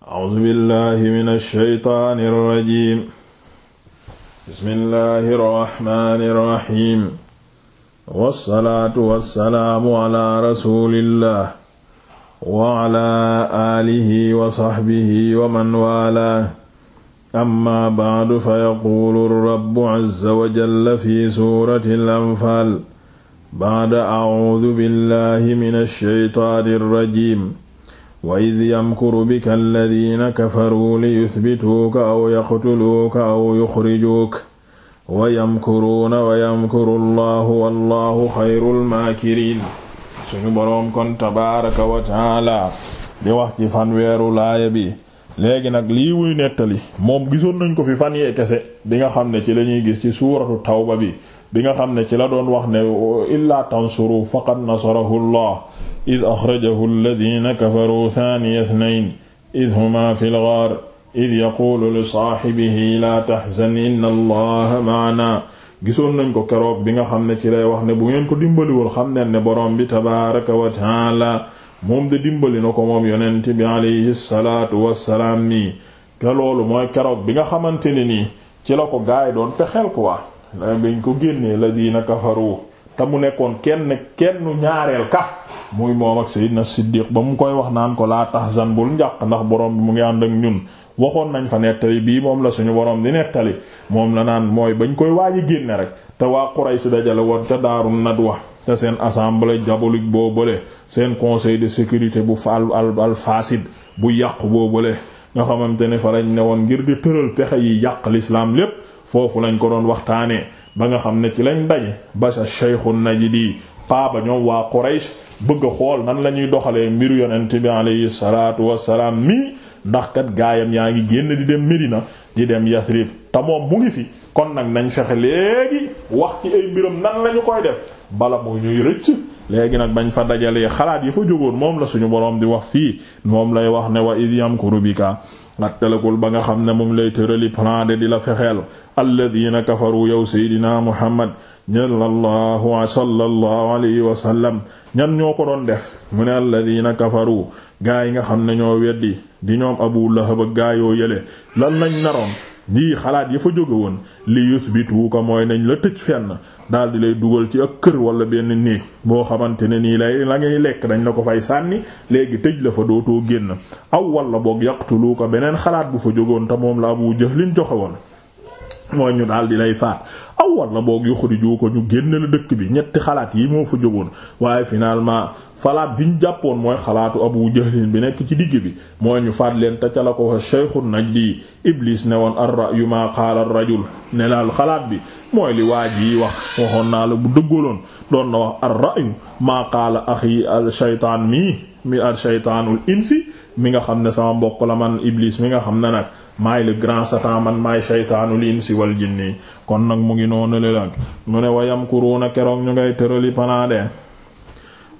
A'uuzu billaahi mina shaytaani rajiim. Bismillaahi rahmaani rahiim. Wassalaatu wassalaamu alaa rasuulillaah wa alaa aalihi wa sahbihi wa man waalaah. Ammaa ba'du fayaquulu rabbu azza wa jalla fi suuratil anfaal. Ba'da a'uuzu billaahi mina shaytaani rajiim. wa id yamkuru bika alladina kafaru liyusbituuka aw yaqtuluuka aw yuxrijuuka wa yamkuruuna wa yamkuru allahu wallahu xayrul maakiriin suñu boroom kon tabaaraka wa taala wax ci fanweeru laaya bi léegi nag lii wuy nettali moom gisoon nañ ko fi fan yee kese bi nga xam ne ci lañuy gis ci suuratu tawba bi bi nga xam ne ci la doon wax ne illaa tansuru faqad nasarahu allah id axrajahu alladina kafaruu thaniya ithnayn id huma fi lgaar id yaquulu li saaxibihi laa taxzan inna allaha maana gisoon nañ ko keroog bi nga xam ne ci lay wax ne bu ngeen ko dimbaliwul xam ne ne boroom bi tabaaraka wa taala moom de dimbali na ko moom yonent bi alayhi salaatu wassalaam nii te loolu mooy keroog bi nga xamante ne nii ci la ko gaay doon pexeel ko waa biñ ko génnee la diina kafaru te mu nekkoon kenn kennu ñaareel ka muy moom ak Seydina Siddiq ba mu koy wax naan ko laa tahzan bul njàq ndax borom bi mu ngi am ak ñun waxoon nañ fa nettali bii moom la suñu borom di nettali moom la naan mooy bañ koy waaji génne rek te waa Quraysh dajale woon te nat Nadwa te seen assemblée boo boobale seen conseil de sécurité bu fa al al fasid bu yàqu boobale nga xamante ne fa lañ ne woon ngir di tëral pexe yi yàq l'islam lépp foofu lañ ko doon waxtaanee ba nga xam ne ci lañ daje ba sa Shaykhu Najdi paaba ñoom waa Quraysh bëgg a xool nan la ñuy doxalee mbiru yonent bi alayhi salaatu wassalaam mii ndax kat gaayam yaa ngi génn di dem Medina di dem Yathrib te moom mu ngi fi kon nag nañ fexe léegi wax ci ay mbiram nan la ñu koy def bala mu ñuy rëcc léegi nag bañ fa dajalee xalaat yi fa jógoon moom la suñu boroom di wax fii moom lay wax ne wa id yamkuru attalakul ba nga xam ne moom lay tërali plan de di la fexeel alladina kafaru yow seydina muhammad ñallallahu sallallahu alayhi wa sallam ñan ñoo ko doon def mu ne alladina kafaru gaa yi nga xam ne ñoo weddi di ñoom abu lahab gaa yoo yële lan lañ naroon lii xalaat ya fa jóge woon li ko mooy nañ la tëj fenn daal di lay dugal ci ak kër wala benn néeg boo xamante ne nii lay la ngay lekk dañ la ko fay sànni léegi tëj la fa dootoo génn aw wala boog yaqtulu ko beneen xalaat bu fa jógoon te moom la Abu Jahlin joxe woon mooy ñu daal di lay faat aw walla boog yu xuriju ko ñu génn la dëkk bi ñetti xalaat yi moo fa jógoon waaye finalement falaat bi ñu jàppoon mooy xalaatu abu jahlin bi nekk ci digg bi mooy ñu faat leen te ca la ko sheykhul najdi iblis ne woon ar ra'yu ma qaala ar rajul ne laal xalaat bi mooy li waa yi wax waxoon naa la bu dëggaloon doon na wax ar ra'yu ma qaala axi al shaytaan mii mi at shaytaanul insi mi nga xam ne sama mbokk la man iblis mi nga xam ne nag maay le grand satan man maay shaytaanul insi wal jinni kon nag mu ngi noonu le nag mu ne wayam na keroog ñu ngay tërali panaade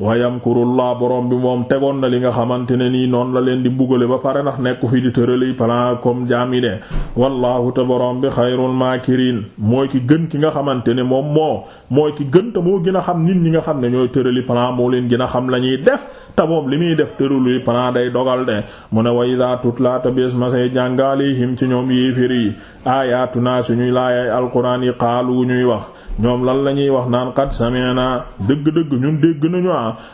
wa yamkurullah borom bi moom tegoon na li nga xamante ne nii noonu la leen di bugale ba pare ndax nekku fi di tërali plan comme jaam yi de wallahu te borom bi xayrul maakirin mooy ki gën ki nga xamante ne moom moo mooy ki gën te moo gin a xam nit ñi nga xam ne ñooy tërali plan moo leen gën a xam la ñuy def te li muy def yi plan day dogal de mu ne wa iza tutla tabis masay jàngalihim ci ñoom yéefér yi aayaatuna suñuy laayay alquran yi xaalu ñuy wax ñoom lan la ñuy wax naan qad sami'na dëgg-dëgg ñun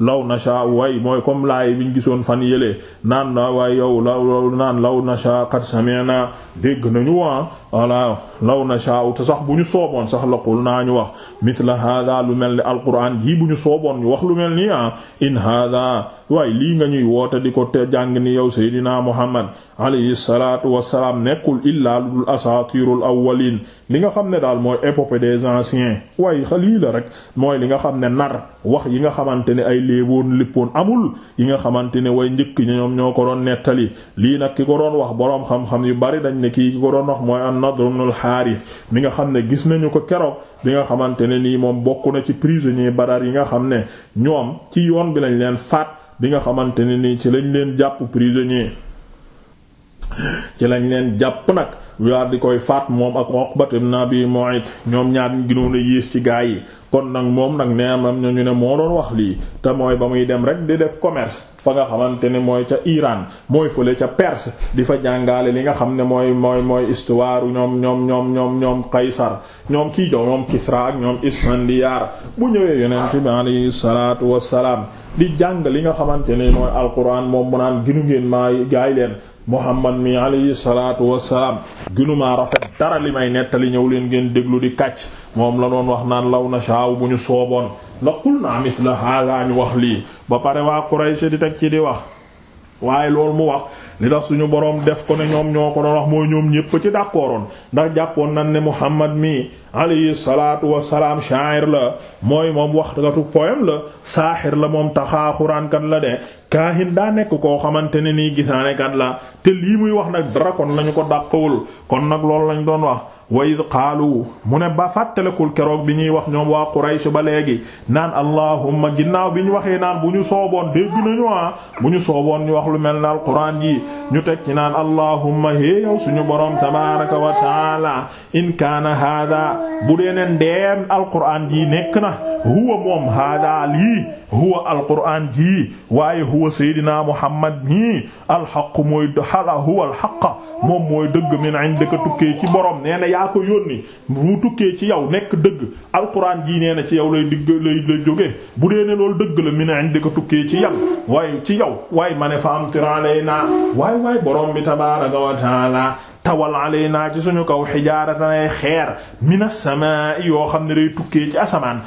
law na nasha way mooy comme laay biñ gisoon fan yëlee naan na waay yow law naan law nasha qad sami'na dégg nañu waa voilà law nasha te sax bu ñu sooboon sax la laqul naa ñu wax mithla hada lu mel ni alquran jii bu ñu sooboon ñu wax lu mel ni ah in hada waaye lii nga ñuy woote di ko te jàng ni yow seydina muhammad alayhi salatu wasalaam nekkul illaa ludul asatirul awwalin li nga xam ne daal mooy épopée des anciens waay xa lii la rek mooy li nga xam ne nar wax yi nga xamante ne ay léeboon lippoon amul yi nga xamante ne way njëkk ñi ñoom ñoo ko doon nettali lii nag ki ko doon wax boroom xam-xam yu bari dañ ne kii ki ko doon wax mooy an-Nadr ibn al-Harith mi nga xam ne gis nañu ko keroog bi nga xamante ne nii moom bokk na ci prisonnier Badar yi nga xam ne ñoom ci yoon bi lañ leen faat bi nga xamante ne nii ci lañ leen jàpp prisonnier ci lañ leen jàpp nag daal di koy faat moom ak Uqbat ibn Abi Mu'ayt ñoom ñaar ñu gënoon a yées ci gaa yi kon nag moom nag nee am na ñu ne moo doon wax lii te mooy ba muy dem rek di def commerce fa nga xamante ne mooy ca Iran mooy fële ca Perse di fa jàngaale li nga xam ne mooy mooy mooy histoire ñoom ñoom ñoom ñoom ñoom Qaysar ñoom kii jox ñoom Kisra ak ñoom Isfandiyaar mu ñëwee yonent bi alayhi salaatu wassalaam di jàng li nga xamante ne mooy alquran moom mu naan ginu ngeen maa gaay leen Muhammad mi alayhi salaatu wassalaam gënumaa rafet dara li may nettali ñëw leen ngeen déglu di kàcc moom la doon wax naan law na shaaw bu ñu sooboon la qul naa misla haadaa ñu wax lii ba pare waa Quraysh di teg ci di wax waaye loolu mu wax li tax suñu boroom def ko ne ñoom ñoo ko doon wax moo ñoom ñépp ci d'accordoon ndax jàppoon nañ ne Muhammad mi alayhi salaatu wassalaam sha'ir la mooy moom waxkatu poème la saaxir la moom taxaaxuraankat la de kaahin daa nekk koo xamante ne nii gisaanekat la te lii muy wax nag dara kon lañu ko dàqawul kon nag loolu lañu doon wax wa id qaalu mu ne ba fàttalekul keroog bi ñuy wax ñoom waa Quraysh ba léegi naan allahumma ginnaaw bi ñu waxee naan bu ñu sooboon dégg nañu ah bu ñu sooboon ñu wax lu mel na alquraan yi ñu teg ci naan allahumma hé yow suñu borom tabaaraka wa taala in kaana hada bu deeneen ndeem alquraan yi nekk na huwa moom hada lii huwa alquraan ji waaye huwa saydina muhammad nii alxaq mooy hala huwa alxaq moom mooy dëgg min indika tukkee ci borom nee na yaa ko yónni mu tukkee ci yow nekk dëgg alquran jii nee na ci yow lay digg lay lay jógee bu dee ne loolu dëgg la min indi ko tukkee ci yam waaye ci yow waaye ma ne fa am tiralay naa waay waay borom bi tabaaraka wa taala tawal alaynaa ci suñu kaw xijaaratana xeer mina samaa'i yoo xam ne day tukkee ci asamaan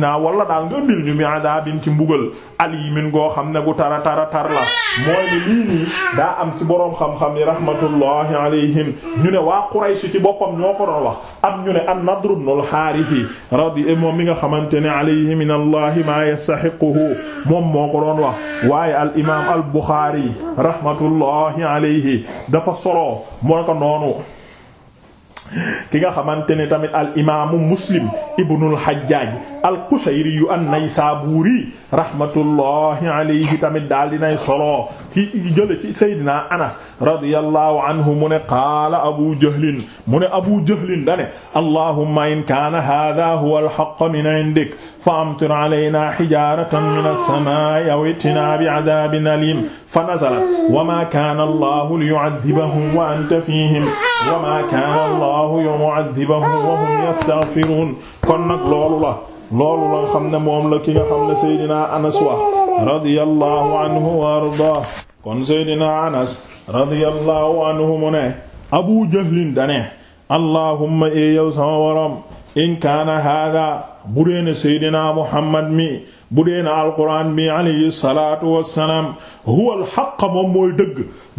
naa wala daal nga ndil ñu bi adaabin ci mbugal alimin goo xam ne gu tara tara tar la mooy ni lii daa am ci boroom xam-xam yi rahmatullahi alayhim ñu ne waa Quraysh ci boppam ñoo ko doon wax am ñu ne an-Nadr ibn al-Harith radi eh, moom mi nga xamante ne alayhi min allah ma yastahiquhu moom moo ko doon wax waaye al imam al Bukhari rahmatullahi alayhi dafa solo moo ko noonu ki nga xamante ne tamit al imaamu muslim ibnul hajjaaj al qushayri yu an naysaabuuri rahmatullahi alayhi tamit daal dinay solo ci jële ci saydina anas radiyallahu anhu mu ne qaala abu jahlin mu ne abu jahlin dane allahumma in kaana haadaa huwa alhaqqa min indik fa amtir alaynaa hijaaratan mina as-samaa'i aw i'tinaa bi'adaabin aliim fa nazalat wa maa kaana allahu liyu'adhibahum wa anta fiihim wa maa kaana allahu yu'adhibahum wa hum yastaghfiruun kon nag loolu la loolu ne moom la ki nga ne Seydina Anas wax radiyallahu anhu wa ardaa kon Seydina Anas radiyallahu anhu mu Abu Jahlin dane allahumma ee yow sama waram in kaana haadaa bu dee ne Seydina mi bu dee na bii bi alayhi salaatu wassalaam huwa alxaq moom mooy dëgg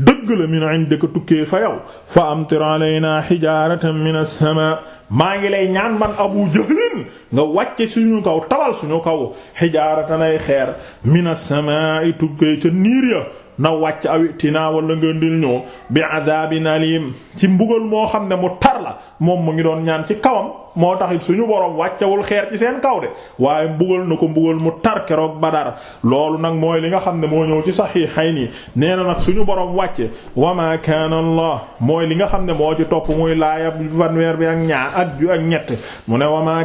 dëgg la min indika tukkee fa yow fa amtir alaynaa xijaaratan min as-samaa maa ngi lay ñaan man abu jahlin nga wàcce suñu kaw tawal suñu kaw xijaaratan ay xeer min as-samaa i tukkee ca niir ya na wàcc a wala nga ndil ñoo bi adaabin aliim ci mbugal moo xam ne mu tar la moom mu ngi doon ñaan ci kawam moo taxit suñu boroom wàccewul xeer ci seen kaw de waaye mbugal na ko mbugal mu tar keroog Badar loolu nag mooy li nga xam ne moo ñëw ci Sahihayni nee na nag suñu borom wàcce wa ma kana Allah mooy li nga xam ne moo ci topp muy laaya fanweer bi ak ñaar ak ju ak ñett mu ne wa ma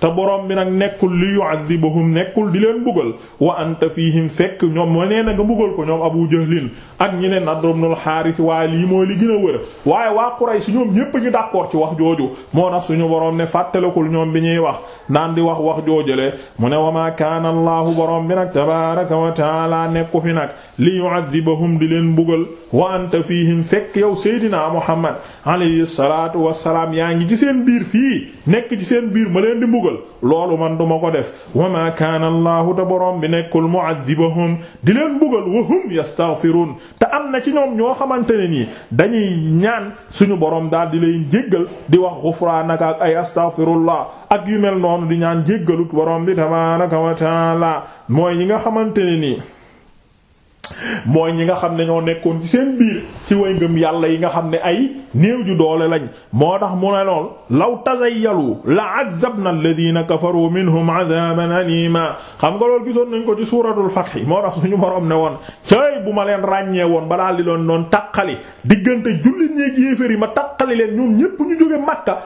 te borom bi nag nekkul li yu'adhibuhum nekkul di leen mbugal wa anta fihim fekk ñoom moo nee na nga mbugal ko ñoom Abu Jahlin ak ñi ne Nadr ibn al-Harith waaye lii mooy li gën a wër waaye waa Quraysh ñoom ñépp ñu d'accord ci wax jooju moo tax suñu borom ne fàttalakul ñoom bi ñuy wax naan di wax wax joojale mu ne wa maa kaana allahu boroom bi nag tabaaraka wa taala nekku fi nag li yu'adhibahum di leen mbugal wa anta fihim fekk yow Seydina Muhammad alayhi salaatu wa salaam yaa ngi ci seen biir fii nekk ci seen biir ma leen di mbugal loolu man duma ko def wa maa kaana Allahu te borom bi nekkul mu'adhibahum di leen mbugal wa hum yastaghfiruun te am na ci ñoom ñoo xamante ne nii dañuy ñaan suñu borom daal di leen jéggal di wax ghufraanaka ak ay astaghfirullah ak yu mel noonu di ñaan jéggalut borom bi tabaaraka wa taala mooy yi nga xamante ne nii mooy ñi nga xam ne ñoo nekkoon ci seen biir ci way ngëm yàlla yi nga xam ne ay néew ju doole lañ moo tax mu ne lool law tazayyalu la azabna alladhina kafaru minhum adaban alima xam nga lool gisoon nañ ko ci suuratul fath moo tax suñu borom ne woon cay bu ma leen ràññee woon ba daal di doon doon taqali diggante jullit ñeek yéeféer yi ma taqali leen ñoom ñépp ñu jóge Makka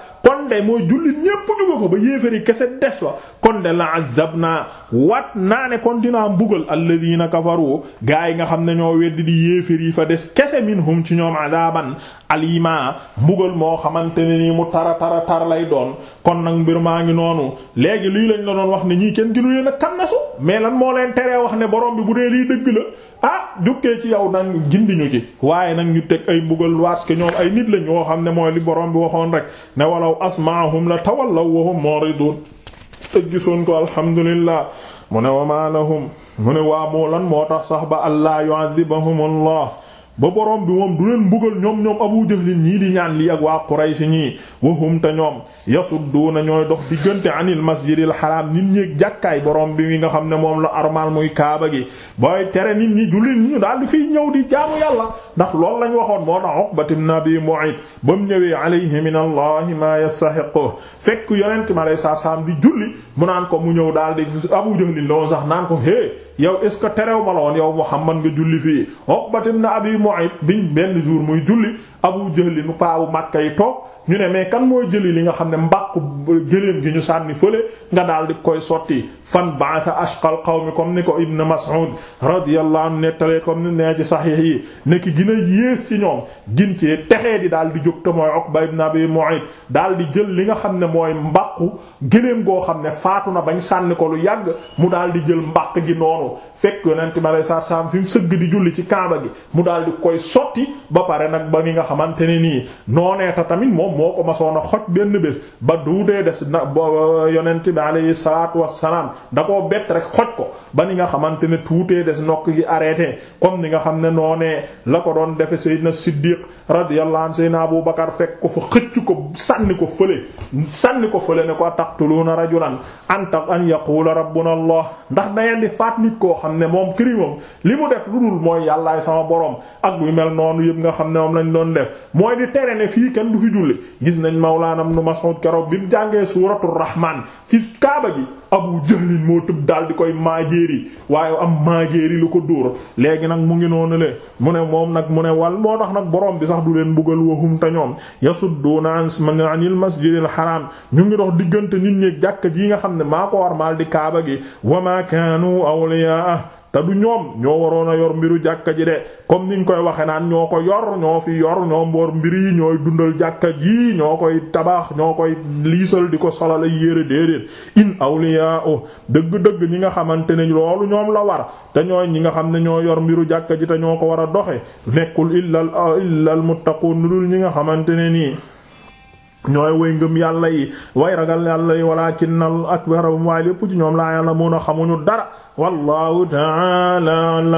de mooy jullit ñépp jugo fa ba yéefari kese des fa kon de la naa wat naa ne kon dinaa mbugal alladina kafaru gaa yi nga xam ne ñoo weddi di yéefar yi fa des kese minhum ci ñoom adaban alima mbugal moo xamante ni nii mu tara tara tar lay doon kon nag mbir maa ngi noonu léegi lii lañ la doon wax ne ñii kenn ginu leen a kannasu mais lan moo leen teree wax ne borom bi bu dee lii dëgg la ah jukkee ci yow nag gindi ci waaye nag ñu teg ay mbugal parce que ñoom ay nit lañ yoo xam ne mooy li borom bi waxoon rek ne walaw asmaahum la tawallaw wa moo muridun te gisoon ko alhamdulillah mu ne wa ma mu ne waa moo lan moo tax sax ba allah yu'adhibuhum allah ba borom bi moom du leen mbugal ñoom ñoom abu jahlin ñii di ñaan lii ak waa quraysh ñii wahum te ñoom yasudduuna ñooy dox diggante anil masjidil haram nit ñi jàkkaay borom bi wi nga xam ne moom la armal muy kaaba gi booy tere nit ñi jullit ñu daal di fiy ñëw di jaamu yàlla ndax loolu lañ waxoon moo tax Uqbat ibn Abi Mu'ayt ba mu ñëwee alayhi min allah ma yastahiqu fekk yonent ma lay saa saam di julli mu naan ko mu ñëw daal di abu jahlin la woon sax naan ko yow est ce que terew ma la woon yow Muhammad nga julli fii Shu'ayb biñ benn jour muy julli abu jëli nu paawu màkka yi toog ñu ne mais kan mooy jëli li nga xam ne mbàqu gëléem gi ñu sànni fële nga daal di koy sotti fan baax ba'atha ashqal qawmi comme ni ko ibn mas'ud radiyallahu anhu nettalee comme ni nee ci saxiix yi nekki gën a yées ci ñoom gin ci texee di daal di jóg te mooy uqba ibn abi mu'ayt daal di jël li nga xam ne mooy mbaqu gëléem goo xam ne faatu na bañ sànni ko lu yàgg mu daal di jël mbàq gi noonu fekk yonent mi alayhi salaam fi mu sëgg di julli ci kaama gi mu daal di koy ba pare xamante ne nii noonee ta tamit moom moo ko masoon a xoj benn bés ba duudee des na yonent bi alayhi salaatu wassalaam da koo bett rek xoj ko ba ni nga xamante ne tuutee des nokk gi arrêté comme ni nga xam ne noonee la ko doon defe Seydina Siddiq radiyallahu anhu Seydina Abu Bakar fekk ko fa xëcc ko sànni ko fële sànni ko fële ne ko taqtuluuna rajulan anta an yaqula rabbuna allah ndax dangeen di faat nit ko xam ne moom crime li mu def lu dul mooy yàllaay sama borom def mooy di tere ne fii kenn du fi julli gis nañ mawlaanam nu Mas'ud keroog bi mu jàngee suuratul rahmaan ci kaaba gi Abu Jahlin moo tëb daal di koy maajeeri waaye am maajeeri lu ko dóor léegi nag mu ngi noonu le mu ne moom nag mu ne wal moo tax nag boroom bi sax du leen buggal wahum te ñoom yasudduuna anil masjidil haram ñu ngi dox diggante nit ñi jàkk ji nga xam ne maa ko war maal di kaaba gi wa awliyaa te du ñoom ñoo waroon a yor mbiru jàkka ji de comme niñ koy waxe naan ñoo ko yor ñoo fi yor ñoo mboor mbir yi ñooy dundal jàkka ji ñoo koy tabax ñoo koy liisal di ko solal ay yére déedéet in awliya o dëgg-dëgg ñi nga xamante ne loolu ñoom la war te ñooy ñi nga xam ne ñoo yor mbiru jàkka ji te ñoo ko war a doxe nekkul illal illal muttaqun dul ñi nga xamante ne nii ñooy way ngëm yàlla yi way ragal yàlla yi walaakinnal akbarum waaye lépp ci ñoom laa yàlla a xamuñu dara wallahu ta'ala a'lam